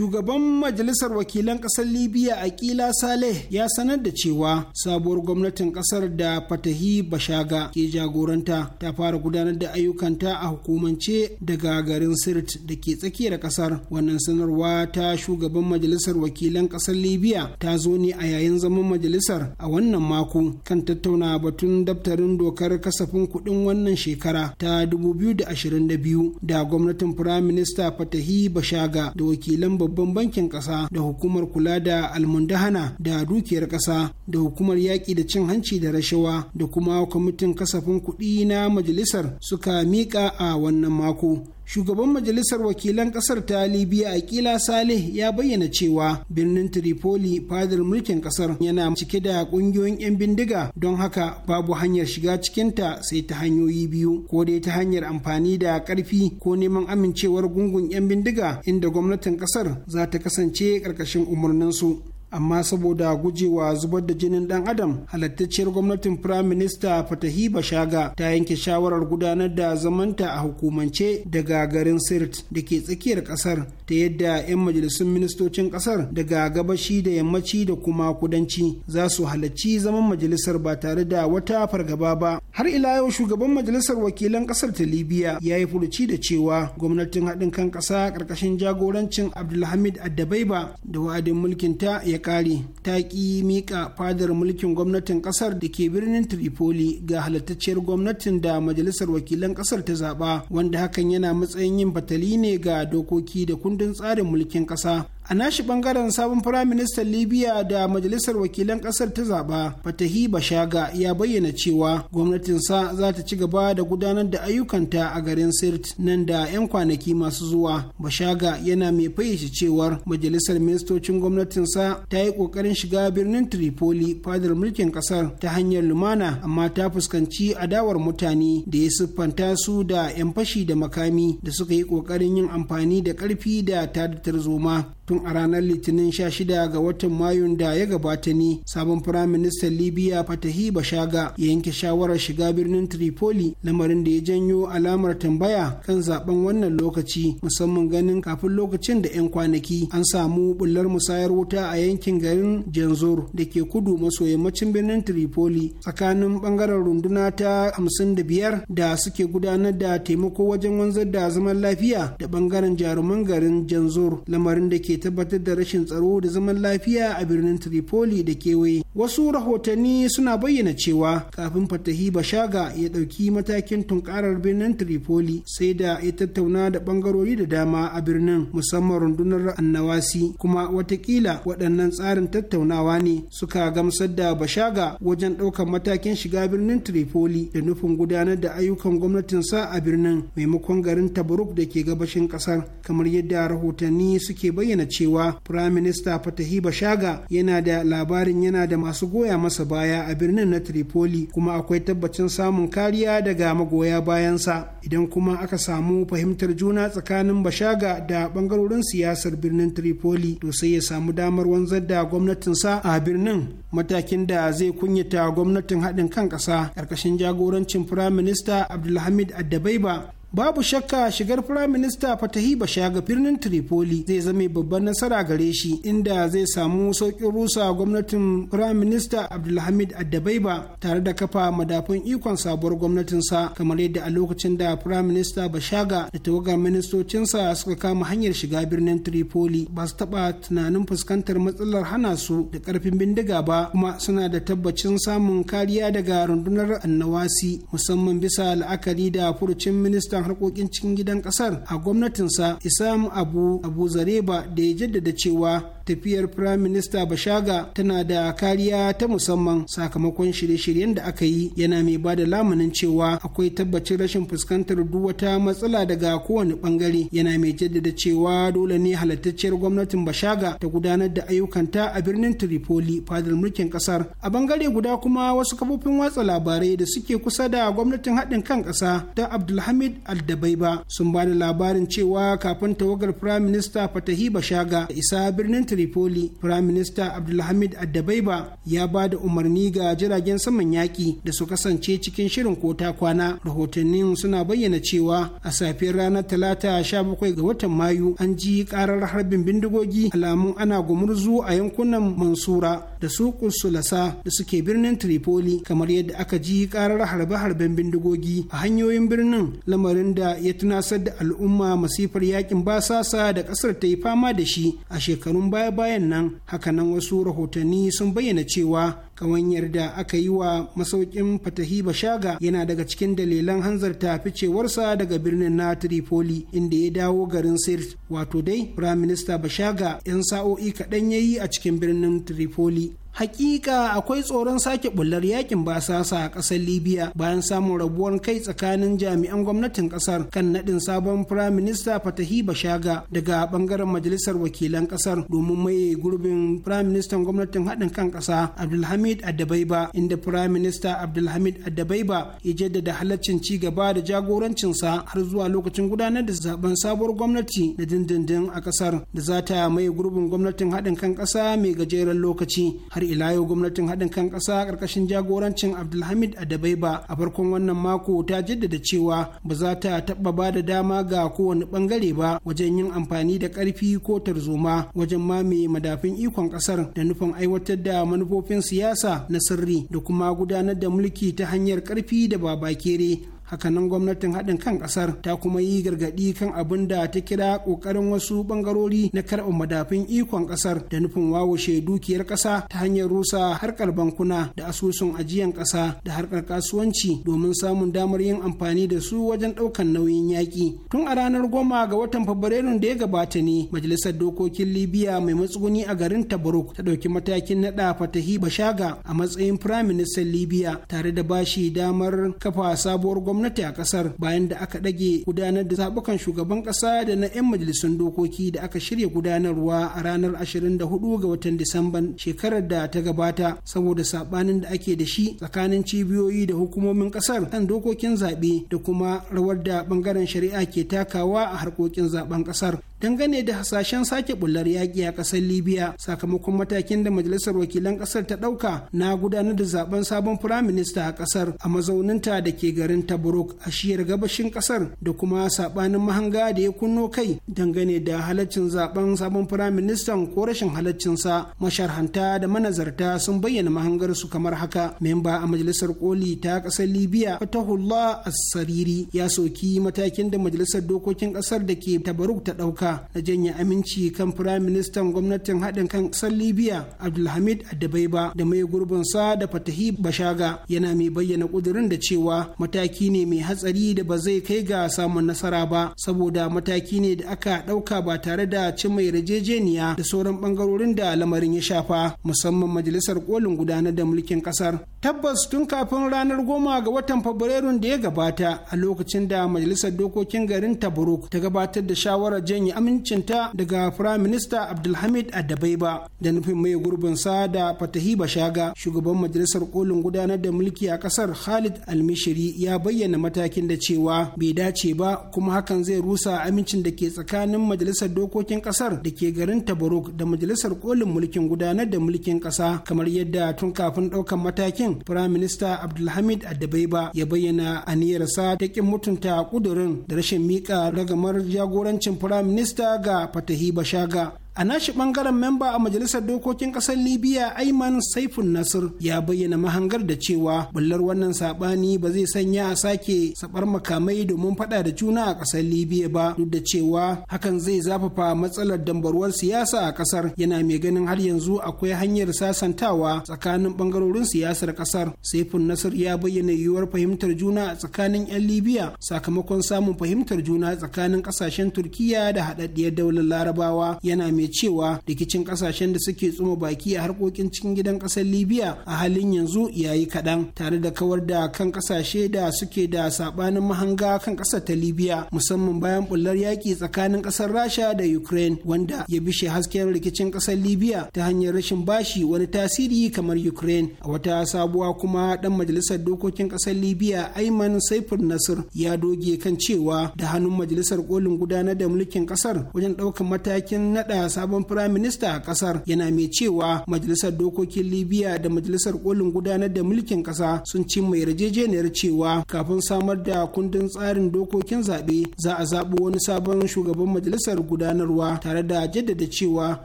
shugaban majalisar wakilan kasar libya akila saleh ya sanar da cewa sabuwar gwamnatin kasar da fatahi bashaga ke jagoranta ta fara gudanar da ayyukanta a hukumance daga garin sirt da ke tsakiyar kasar wannan sanarwa ta shugaban majalisar wakilan kasar libya ta zo ne a yayin zaman majalisar a wannan mako kan tattauna batun daftarin dokar kasafin kuɗin wannan shekara ta 2022 da gwamnatin firaminista fatahi bashaga da wakilan babban bankin ƙasa da hukumar kula da almundahana da dukiyar ƙasa da hukumar yaƙi da cin hanci da rashawa da kuma kwamitin kasafin kuɗi na majalisar suka miƙa a wannan mako shugaban majalisar wakilan kasar ta libya akila saleh ya bayyana cewa birnin tripoli fadar mulkin kasar yana cike da kungiyoyin 'yan bindiga don haka babu hanyar shiga cikinta sai ta hanyoyi biyu ko dai ta hanyar amfani da karfi ko neman amincewar gungun 'yan bindiga inda gwamnatin kasar za ta kasance karkashin umarninsu amma saboda gujewa zubar da jinin dan adam halattacciyar gwamnatin prime minister fatahi bashaga ta yanke shawarar gudanar da zamanta a hukumance daga garin sirt da ke tsakiyar kasar ta yadda 'yan majalisun ministocin kasar daga gabashi da yammaci da kuma kudanci za su halarci zaman majalisar ba tare da wata fargaba ba har ila yau shugaban majalisar wakilan kasar ta libya ya yi furuci da cewa gwamnatin haɗin kan ƙasa ƙarƙashin jagorancin abdulhamid addabaiba da wa'adin mulkinta ya kare ta ƙi miƙa fadar mulkin gwamnatin ƙasar da ke birnin tripoli ga halittacciyar gwamnatin da majalisar wakilan ƙasar ta zaɓa wanda hakan yana matsayin yin fatali ne ga dokoki da kundin tsarin mulkin ƙasa a nashi bangaren sabon firaministan libya da majalisar wakilan kasar ta zaba fatahi bashaga ya bayyana cewa gwamnatinsa za ta ci gaba da gudanar da ayyukanta a garin sirt nan da 'yan kwanaki masu zuwa bashaga yana mai fayyace cewar majalisar ministocin gwamnatinsa ta yi ƙoƙarin shiga birnin tripoli fadar mulkin kasar ta hanyar lumana amma ta fuskanci adawar mutane da ya siffanta su da 'yan fashi da makami da suka yi ƙoƙarin yin amfani da ƙarfi da tadatar zoma. tun a ranar litinin 16 ga watan mayun da ya gabata ne sabon firaministan libya fatahi bashaga ya yanke shawarar shiga birnin tripoli lamarin da ya janyo alamar tambaya kan zaben wannan lokaci musamman ganin kafin lokacin da 'yan kwanaki an samu bullar musayar wuta a yankin garin janzor da ke kudu maso yammacin birnin tripoli tsakanin bangaren runduna ta 55 da suke gudanar da taimako wajen wanzar da zaman lafiya da bangaren jaruman garin janzor lamarin da ke tabbatar da rashin tsaro da zaman lafiya a birnin Tripoli da kewaye. Wasu rahotanni suna bayyana cewa kafin Fatahi Bashaga ya ɗauki matakin tunkarar birnin Tripoli sai da ya tattauna da ɓangarori da dama a birnin musamman rundunar annawasi kuma watakila waɗannan tsarin tattaunawa ne suka gamsar da Bashaga wajen ɗaukar matakin shiga birnin Tripoli da nufin gudanar da ayyukan gwamnatinsa a birnin maimakon garin Tabruk da ke gabashin ƙasar kamar yadda rahotanni suke bayyana cewa firaminista fatahi bashaga yana da labarin yana da masu goya masa baya a birnin na tripoli kuma akwai tabbacin samun kariya daga magoya bayansa idan kuma aka samu fahimtar juna tsakanin bashaga da bangarorin siyasar birnin tripoli to sai ya samu damar wanzar da gwamnatinsa a birnin matakin da zai kunyata gwamnatin haɗin kan ƙasa ƙarƙashin jagorancin firaminista abdulhamid addabaiba babu shakka shigar firaminista fatahi bashaga birnin tripoli zai zame babban nasara gare shi inda zai samu sauƙin rusa gwamnatin firaminista abdulhamid addabaiba tare da kafa madafun ikon sabuwar gwamnatinsa kamar yadda a lokacin da firaminista bashaga da tawagar ministocinsa suka kama hanyar shiga birnin tripoli ba su taɓa tunanin fuskantar matsalar hana su da karfin bindiga ba kuma suna da tabbacin samun kariya daga rundunar annawasi musamman bisa la'akari da furucin minista ministan harkokin cikin gidan kasar a gwamnatinsa isam abu abu zareba da ya jaddada cewa tafiyar Prime Minister Bashaga tana da kariya ta musamman sakamakon shirye-shiryen da aka yi yana mai ba da lamunin cewa akwai tabbacin rashin fuskantar duk wata matsala daga kowane bangare yana mai jaddada cewa dole ne halattacciyar gwamnatin Bashaga ta gudanar da ayyukanta a birnin Tripoli fadar mulkin kasar a bangare guda kuma wasu kafofin watsa labarai da suke kusa da gwamnatin haɗin kan ƙasa ta Abdulhamid aldabai ba sun ba da labarin cewa kafin tawagar firayim minista fatahi bashaga da isa birnin tripoli firayim minista abdulhamid aldabai ba ya ba da umarni ga jiragen saman yaƙi da su kasance cikin shirin kota kwana rahotannin suna bayyana cewa a safiyar ranar talata 17 ga watan mayu an ji karar harbin bindigogi alamun ana gumurzu a yankunan mansura da suƙun sulasa da suke birnin tripoli kamar yadda aka ji karar harbe-harben bindigogi a hanyoyin birnin lamarin lamarin da ya tunasar da al'umma masifar yakin basasa da kasar ta yi fama da shi a shekarun baya-bayan nan hakanan wasu rahotanni sun bayyana cewa kawanyar da aka yi wa masaukin fatahi bashaga yana daga cikin dalilan hanzarta ficewarsa daga birnin na tripoli inda ya dawo garin sirt wato dai firaminista bashaga 'yan sa'o'i kaɗan ya yi a cikin birnin tripoli hakika akwai tsoron sake bullar yakin basasa a ƙasar libya bayan samun rabuwar kai tsakanin jami'an gwamnatin ƙasar kan naɗin sabon firayim minista fatahi bashaga daga ɓangaren majalisar wakilan ƙasar domin maye gurbin firayim ministan gwamnatin haɗin kan ƙasa abdulhamid adabaiba inda firayim minista abdulhamid adabaiba ya jaddada halaccin ci gaba da jagorancinsa har zuwa lokacin gudanar da zaben sabuwar gwamnati na dindindin a ƙasar da za ta maye gurbin gwamnatin haɗin kan ƙasa mai gajeren lokaci har ila gwamnatin haɗin kan ƙasa ƙarƙashin jagorancin abdulhamid adabaiba a farkon wannan mako ta jaddada cewa ba za ta taɓa ba da dama ga kowane ɓangare ba wajen yin amfani da ƙarfi ko tarzoma wajen mame madafin ikon ƙasar da nufin aiwatar da manufofin siyasa na sirri da kuma gudanar da mulki ta hanyar ƙarfi da babakere hakanan gwamnatin haɗin kan ƙasar ta kuma yi gargaɗi kan abin da ta kira ƙoƙarin wasu ɓangarori na karɓar madafin ikon ƙasar da nufin wawashe dukiyar ƙasa ta hanyar rusa harkar bankuna da asusun ajiyan ƙasa da harkar kasuwanci domin samun damar yin amfani da su wajen ɗaukar nauyin yaƙi tun a ranar goma ga watan fabrairun da ya gabata ne majalisar dokokin libya mai matsuguni a garin tabaruk ta ɗauki matakin naɗa fatahi bashaga a matsayin firaministan libya tare da bashi damar kafa sabuwar gwamnati gwamnati a kasar bayan da aka ɗage gudanar da zaɓukan shugaban ƙasa da na 'yan majalisun dokoki da aka shirya gudanarwa a ranar 24 ga watan Disamban shekarar da ta gabata saboda saɓanin da ake da shi tsakanin cibiyoyi da hukumomin ƙasar kan dokokin zaɓe da kuma rawar da ɓangaren shari'a ke takawa a harkokin zaɓen ƙasar. dangane da hasashen sake bullar yaƙi a ƙasar libya sakamakon matakin da majalisar wakilan ƙasar ta ɗauka na gudanar da zaben sabon firaminista a ƙasar a mazauninta da ke garin tabrok a shiyar gabashin ƙasar da kuma saɓanin mahanga da ya kunno kai dangane da halaccin zaben sabon firaministan ko rashin halaccinsa masharhanta da manazarta sun bayyana mahangarsu kamar haka memba a majalisar koli ta ƙasar libya fatahullah as-sariri ya soki matakin da majalisar dokokin ƙasar da ke tabaruk ta ɗauka na janye aminci kan firayim ministan gwamnatin haɗin kan ƙasar libya abdulhamid adabaiba da mai gurbin sa da fatahi bashaga yana mai bayyana ƙudurin da cewa mataki ne mai hatsari da ba zai kai ga samun nasara ba saboda mataki ne da aka ɗauka ba tare da cin mai yarjejeniya da sauran ɓangarorin da lamarin ya shafa musamman majalisar kolin gudanar da mulkin ƙasar tabbas tun kafin ranar goma ga watan fabrairun da ya gabata a lokacin da majalisar dokokin garin tabaruk ta gabatar da shawarar janye amincinta daga Firayim Minista Abdulhamid Adabai ba da nufin mai gurbin sa da Fatahi shaga. shugaban majalisar kolin gudanar da mulki a kasar Khalid Almishiri ya bayyana matakin da cewa bai dace ba kuma hakan zai rusa amincin da ke tsakanin majalisar dokokin kasar da ke garin Tabaruk da majalisar kolin mulkin gudanar da mulkin kasa kamar yadda tun kafin ɗaukan matakin Firayim Minista Abdulhamid Adabai ba ya bayyana aniyarsa ta kin mutunta ƙudurin da rashin mika ragamar jagorancin Firayim Minista Minista ga Fatahi Bashaga a nashi bangaren memba a majalisar dokokin kasar libiya aiman saifun nasir ya bayyana mahangar da cewa bullar wannan sabani ba zai sanya a sake sabar makamai domin fada da juna a kasar libiya ba duk da cewa hakan zai zafafa matsalar dambarwar siyasa a kasar yana mai ganin har yanzu akwai hanyar sasantawa tsakanin bangarorin siyasar kasar saifun nasir ya bayyana yiwuwar fahimtar juna a tsakanin yan libiya sakamakon samun fahimtar juna tsakanin kasashen turkiya da haɗaɗɗiyar daular larabawa yana mai cewa rikicin kasashen da suke tsuma baki a harkokin cikin gidan kasar libya a halin yanzu yayi kaɗan tare da kawar da kan kasashe da suke da sabanin mahanga kan kasar ta libya musamman bayan bullar yaki tsakanin kasar rasha da ukraine wanda ya bishe hasken rikicin kasar libya ta hanyar rashin bashi wani tasiri kamar ukraine a wata sabuwa kuma dan majalisar dokokin kasar libya aiman saifur nasir ya doge kan cewa da hannun majalisar kolin gudanar da mulkin kasar wajen ɗaukar matakin naɗa. sabon firaminista a kasar yana mai cewa majalisar dokokin libya da majalisar kolin gudanar da mulkin kasa sun ci mai yarjejeniyar cewa kafin samar da kundin tsarin dokokin zaɓe za a zaɓi wani sabon shugaban majalisar gudanarwa tare da jaddada cewa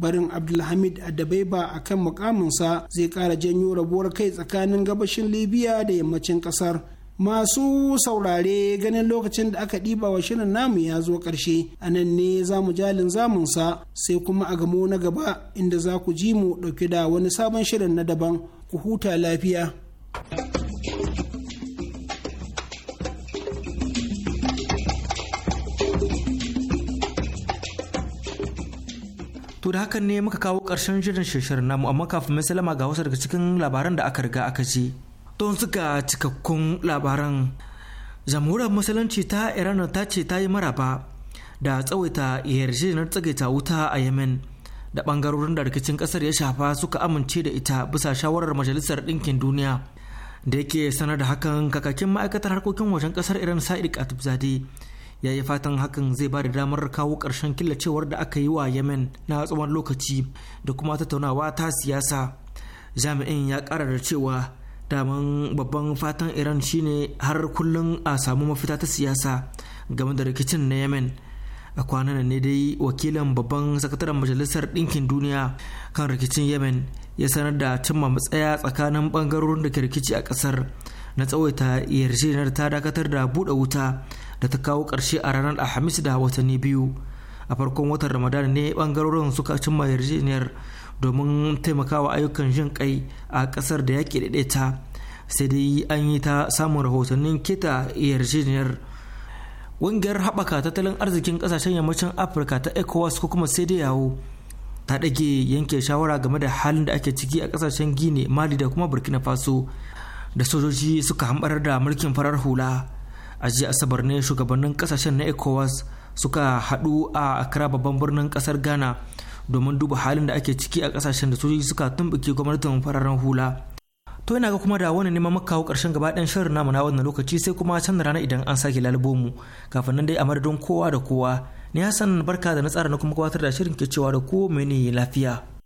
barin abdulhamid adabaiba a kan mukaminsa zai ƙara janyo rabuwar kai tsakanin gabashin libya da yammacin kasar masu saurare ganin lokacin da aka ɗiba wa shirin namu ya zo ƙarshe a nan ne za mu jalin zamunsa sai kuma a gamo na gaba inda za ku ji mu ɗauke da wani sabon shirin na daban ku huta lafiya.
To da hakan ne muka kawo ƙarshen shirin shirin namu amma kafin mai salama ga wasu daga cikin labaran da aka riga aka ji. don suka cikakkun labaran jamhuriyar musulunci ta iran ta ce ta yi maraba da tsawaita yarjejeniyar tsagaita wuta a yemen da bangarorin da rikicin kasar ya shafa suka amince da ita bisa shawarar majalisar ɗinkin duniya da yake sanar da hakan kakakin ma'aikatar harkokin wajen kasar iran sa'id katibzade ya yi fatan hakan zai ba da damar kawo ƙarshen killacewar da aka yi wa yemen na tsawon lokaci da kuma tattaunawa ta siyasa jami'in ya ƙara da cewa daman babban fatan iran shine har kullum a samu mafita ta siyasa game da rikicin na yemen a kwanan ne dai wakilin babban sakataren majalisar ɗinkin duniya kan rikicin yemen ya sanar da cimma matsaya tsakanin ɓangarorin da ke rikici a ƙasar na tsawaita yarjejeniyar ta dakatar da buɗe wuta da ta kawo ƙarshe a ranar alhamis da watanni biyu a farkon watan ramadan ne bangarorin suka cimma yarjejeniyar domin taimakawa ayyukan jin kai a kasar da yake ta sai dai an yi ta samun rahotannin keta yarjejeniyar ƙungiyar haɓaka tattalin arzikin ƙasashen yammacin afirka ta ecowas ko kuma sai yawo ta ɗage yanke shawara game da halin da ake ciki a ƙasashen gini mali da kuma burkina faso da sojoji suka hambarar da mulkin farar hula a jiya asabar ne shugabannin ƙasashen na ecowas suka haɗu a Accra babban birnin ƙasar Ghana domin duba halin da ake ciki a ƙasashen da sojoji suka tumbuke gwamnatin fararen hula. To ina ga kuma da wani neman muka kawo ƙarshen gaba ɗayan shirin namu na wannan lokaci sai kuma can da rana idan an sake lalubo mu kafin nan dai a madadin kowa da kowa. Ni Hassan barka da na tsara na kuma gabatar da shirin ke cewa da ko mene lafiya.